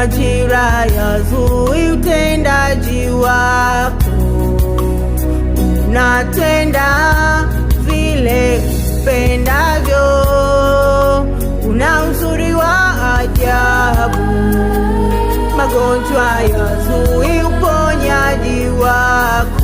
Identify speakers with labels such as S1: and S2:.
S1: majira zui utendaji wako, unatenda vile upendavyo, una uzuri wa ajabu. Magonjwa ya zui uponyaji wako